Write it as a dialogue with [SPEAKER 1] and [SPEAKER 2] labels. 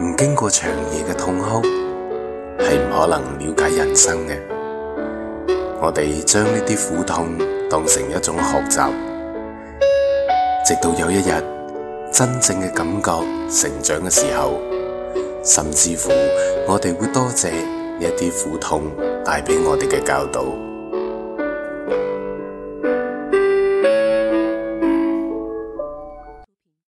[SPEAKER 1] 唔經過長夜嘅痛哭，係唔可能了解人生嘅。我哋將呢啲苦痛當成一種學習，直到有一日真正嘅感覺成長嘅時候，甚至乎我哋會多謝一啲苦痛帶俾我哋嘅教導。